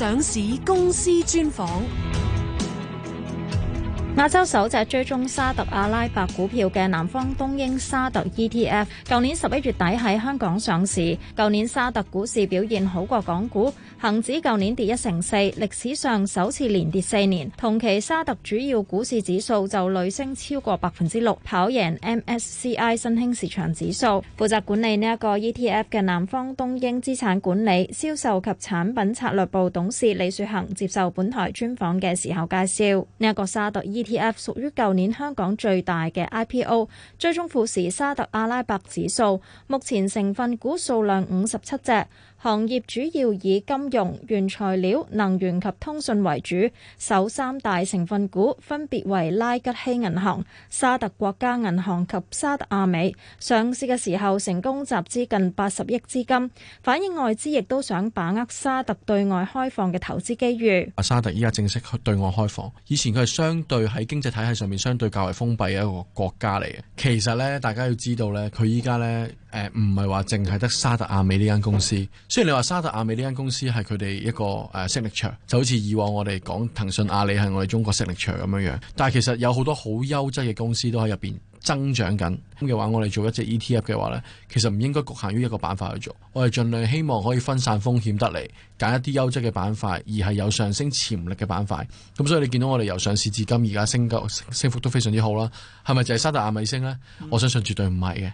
上市公司專訪。亞洲首隻追蹤沙特阿拉伯股票嘅南方東英沙特 ETF，舊年十一月底喺香港上市。舊年沙特股市表現好過港股，恒指舊年跌一成四，歷史上首次連跌四年。同期沙特主要股市指數就累升超過百分之六，跑贏 MSCI 新興市場指數。負責管理呢一個 ETF 嘅南方東英資產管理銷售及產品策略部董事李雪恒接受本台專訪嘅時候介紹，呢一個沙特 E。ETF 屬於舊年香港最大嘅 IPO，追蹤富時沙特阿拉伯指數，目前成分股數量五十七隻。行業主要以金融、原材料、能源及通訊為主，首三大成分股分別為拉吉希銀行、沙特國家銀行及沙特阿美。上市嘅時候成功集資近八十億資金，反映外資亦都想把握沙特對外開放嘅投資機遇。阿沙特依家正式對外開放，以前佢係相對喺經濟體系上面相對較為封閉嘅一個國家嚟嘅。其實呢，大家要知道呢，佢依家呢。誒、呃，唔係話淨係得沙特阿美呢間公司。雖然你話沙特阿美呢間公司係佢哋一個誒力場，就好似以往我哋講騰訊、阿里係我哋中國實力場咁樣樣。但係其實有好多好優質嘅公司都喺入邊增長緊。咁嘅話，我哋做一隻 ETF 嘅話呢，其實唔應該局限於一個板塊去做。我哋盡量希望可以分散風險得嚟，揀一啲優質嘅板塊，而係有上升潛力嘅板塊。咁所以你見到我哋由上市至今而家升幅都非常之好啦。係咪就係沙特阿美升呢？我相信絕對唔係嘅。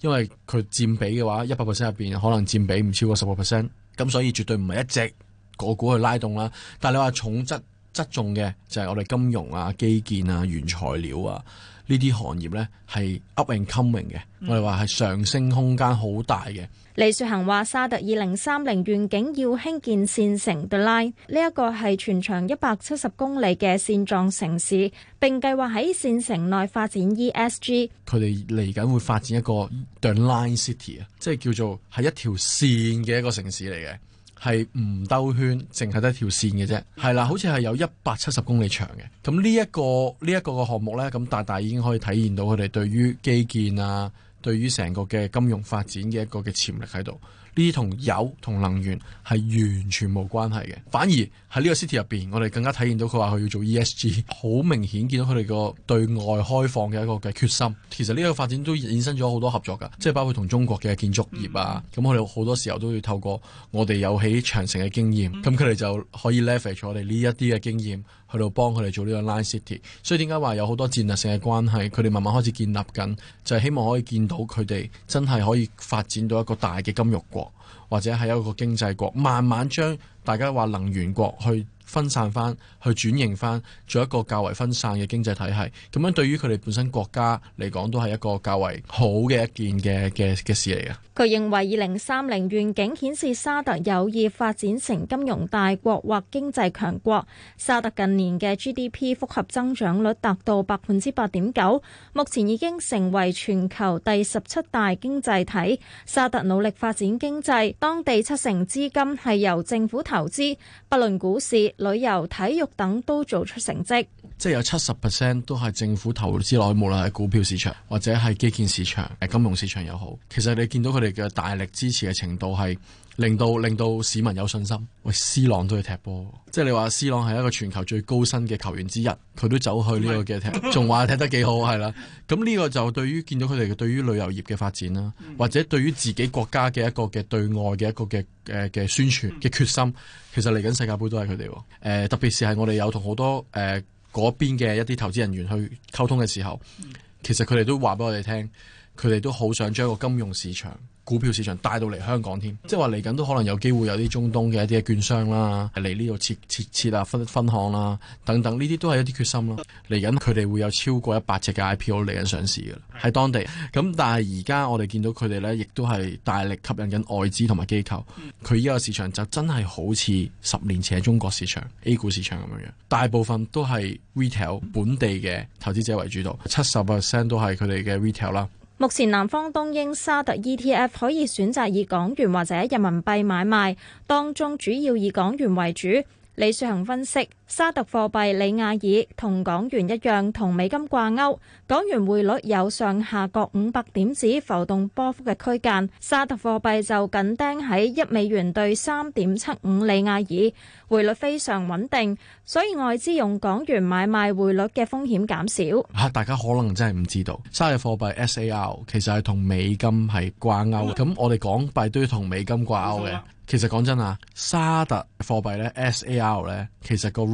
因為佢佔比嘅話，一百 percent 入邊可能佔比唔超過十個 percent，咁所以絕對唔係一隻、那個股去拉動啦。但係你話重質質重嘅就係我哋金融啊、基建啊、原材料啊。呢啲行業呢係 up and coming 嘅、嗯，我哋話係上升空間好大嘅。李雪恒話沙特二零三零願景要興建線城，The Line 呢一個係全長一百七十公里嘅線狀城市，並計劃喺線城內發展 ESG。佢哋嚟緊會發展一個 The Line City 啊，即係叫做係一條線嘅一個城市嚟嘅。係唔兜圈，淨係得條線嘅啫。係啦，好似係有一百七十公里長嘅。咁呢一個呢一個嘅項目呢，咁大大已經可以體現到佢哋對於基建啊，對於成個嘅金融發展嘅一個嘅潛力喺度。呢啲同油同能源係完全冇關係嘅，反而喺呢個 city 入邊，我哋更加體驗到佢話佢要做 ESG，好明顯見到佢哋個對外開放嘅一個嘅決心。其實呢個發展都衍生咗好多合作㗎，即係包括同中國嘅建築業啊，咁我哋好多時候都要透過我哋有起長城嘅經驗，咁佢哋就可以 leverage 我哋呢一啲嘅經驗。去到幫佢哋做呢個 Line City，所以點解話有好多戰略性嘅關係，佢哋慢慢開始建立緊，就係希望可以見到佢哋真係可以發展到一個大嘅金融國，或者係一個經濟國，慢慢將大家話能源國去。分散翻，去轉型翻，做一個較為分散嘅經濟體系。咁樣對於佢哋本身國家嚟講，都係一個較為好嘅一件嘅嘅嘅事嚟嘅。佢認為二零三零願景顯示沙特有意發展成金融大國或經濟強國。沙特近年嘅 GDP 複合增長率達到百分之八點九，目前已經成為全球第十七大經濟體。沙特努力發展經濟，當地七成資金係由政府投資，不論股市、旅遊體育等都做出成績。即係有七十 percent 都係政府投資來，無論係股票市場或者係基建市場、金融市場又好。其實你見到佢哋嘅大力支持嘅程度係令到令到市民有信心。喂，C 朗都係踢波，即係你話 C 朗係一個全球最高薪嘅球員之一，佢都走去呢、呢個嘅踢，仲話踢得幾好係啦。咁呢個就對於見到佢哋對於旅遊業嘅發展啦、嗯，或者對於自己國家嘅一個嘅對外嘅一個嘅嘅嘅宣傳嘅決心，其實嚟緊世界盃都係佢哋。誒、呃、特別是係我哋有同好多誒。呃嗰邊嘅一啲投資人員去溝通嘅時候，其實佢哋都話俾我哋聽。佢哋都好想將一個金融市場、股票市場帶到嚟香港添，即係話嚟緊都可能有機會有啲中東嘅一啲券商啦，嚟呢度設設設立分分行啦，等等呢啲都係一啲決心咯。嚟緊佢哋會有超過一百隻嘅 IPO 嚟緊上市嘅喺當地。咁但係而家我哋見到佢哋呢，亦都係大力吸引緊外資同埋機構。佢依個市場就真係好似十年前嘅中國市場 A 股市場咁樣樣，大部分都係 retail 本地嘅投資者為主導，七十 percent 都係佢哋嘅 retail 啦。目前南方東英沙特 ETF 可以選擇以港元或者人民幣買賣，當中主要以港元為主。李雪恆分析。沙特貨幣里亞爾同港元一樣，同美金掛鈎。港元匯率有上下各五百點子浮動波幅嘅區間，沙特貨幣就緊盯喺一美元兌三點七五里亞爾，匯率非常穩定，所以外資用港元買賣匯率嘅風險減少。嚇、啊！大家可能真係唔知道，沙特貨幣 SAR 其實係同美金係掛鈎嘅。咁 我哋港幣都要同美金掛鈎嘅。 其實講真啊，沙特貨幣咧 SAR 咧，其實， 其實，其實、個。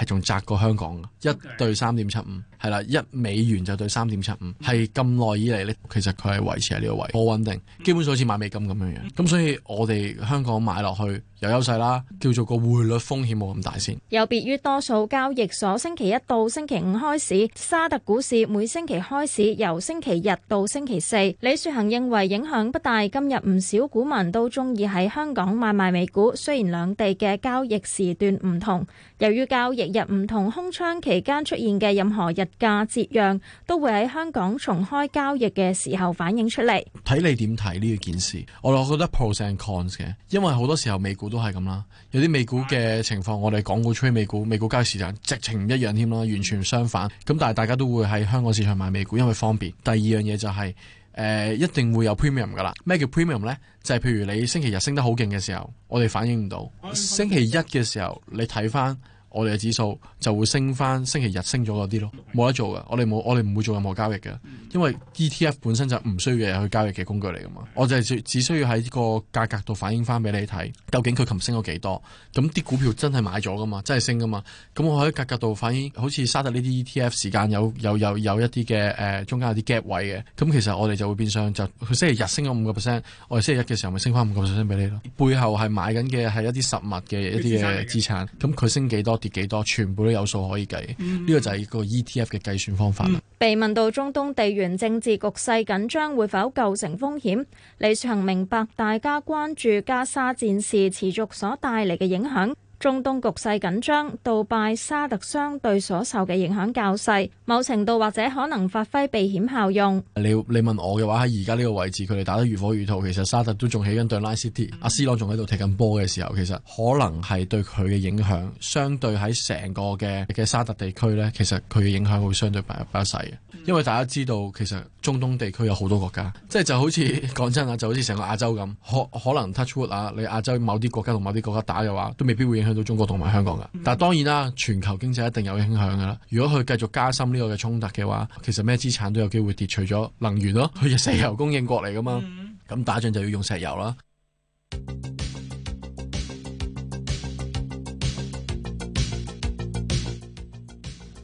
係仲窄過香港嘅一兌三點七五，係啦，一美元就兌三點七五，係咁耐以嚟呢，其實佢係維持喺呢個位，好穩定，基本上好似買美金咁樣樣。咁所以我哋香港買落去有優勢啦，叫做個匯率風險冇咁大先。有別於多數交易所星期一到星期五開市，沙特股市每星期開市由星期日到星期四。李雪恆認為影響不大。今日唔少股民都中意喺香港買賣美股，雖然兩地嘅交易時段唔同，由於交易日唔同空窗期間出現嘅任何日價折讓，都會喺香港重開交易嘅時候反映出嚟。睇你點睇呢件事？我我覺得 pros and cons 嘅，因為好多時候美股都係咁啦。有啲美股嘅情況，我哋港股吹美股，美股交易市場就直情唔一樣添啦，完全相反。咁但係大家都會喺香港市場買美股，因為方便。第二樣嘢就係、是、誒、呃，一定會有 premium 噶啦。咩叫 premium 呢？就係、是、譬如你星期日升得好勁嘅時候，我哋反映唔到。星期一嘅時候，你睇翻。我哋嘅指數就會升翻，星期日升咗嗰啲咯，冇得做嘅。我哋冇，我哋唔會做任何交易嘅，因為 ETF 本身就唔需要人去交易嘅工具嚟噶嘛。我就係只需要喺個價格度反映翻俾你睇，究竟佢琴日升咗幾多？咁啲股票真係買咗噶嘛，真係升噶嘛？咁我喺價格度反映，好似沙特呢啲 ETF，時間有有有有一啲嘅誒，中間有啲 gap 位嘅。咁其實我哋就會變相就佢星期日升咗五個 percent，我哋星期一嘅時候咪升翻五個 percent 俾你咯。背後係買緊嘅係一啲實物嘅一啲嘅資產，咁佢升幾多，跌幾多，全部都有數可以計，呢、嗯這個就係個 ETF 嘅計算方法、嗯、被問到中東地緣政治局勢緊張會否構成風險，李樹明白大家關注加沙戰事持續所帶嚟嘅影響。中東局勢緊張，杜拜沙特相對所受嘅影響較細，某程度或者可能發揮避險效用。你，你問我嘅話，喺而家呢個位置，佢哋打得如火如荼，其實沙特都仲起緊對拉斯提，阿斯朗仲喺度踢緊波嘅時候，其實可能係對佢嘅影響，相對喺成個嘅嘅沙特地區呢，其實佢嘅影響會相對比較細，因為大家知道，其實中東地區有好多國家，即係就好似講 真啊，就好似成個亞洲咁，可可能 touch wood 啊，你亞洲某啲國家同某啲國家打嘅話，都未必會影響。去到中國同埋香港噶，但當然啦，全球經濟一定有影響噶啦。如果佢繼續加深呢個嘅衝突嘅話，其實咩資產都有機會跌，除咗能源咯，佢係石油供應國嚟噶嘛，咁打仗就要用石油啦。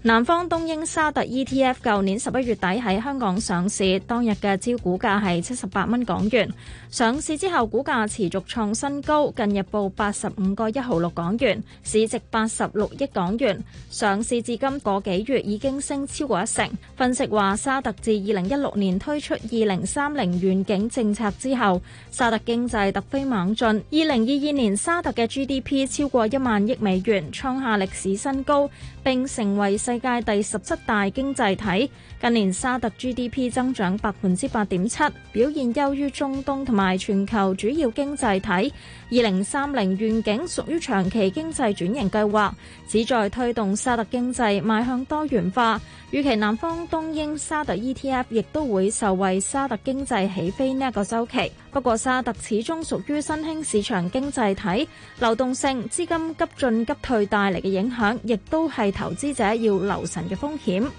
南方東英沙特 ETF 舊年十一月底喺香港上市，當日嘅招股價係七十八蚊港元。上市之後，股價持續創新高，近日報八十五個一毫六港元，市值八十六億港元。上市至今個幾月已經升超過一成。分析話，沙特自二零一六年推出二零三零願景政策之後，沙特經濟突飛猛進。二零二二年，沙特嘅 GDP 超過一萬億美元，創下歷史新高。並成為世界第十七大經濟體。近年沙特 GDP 增長百分之八點七，表現優於中東同埋全球主要經濟體。二零三零願景屬於長期經濟轉型計劃，旨在推動沙特經濟邁向多元化。預期南方東英沙特 ETF 亦都會受惠沙特經濟起飛呢一個周期。不過沙特始終屬於新興市場經濟體，流動性資金急進急退帶嚟嘅影響，亦都係。投資者要留神嘅風險。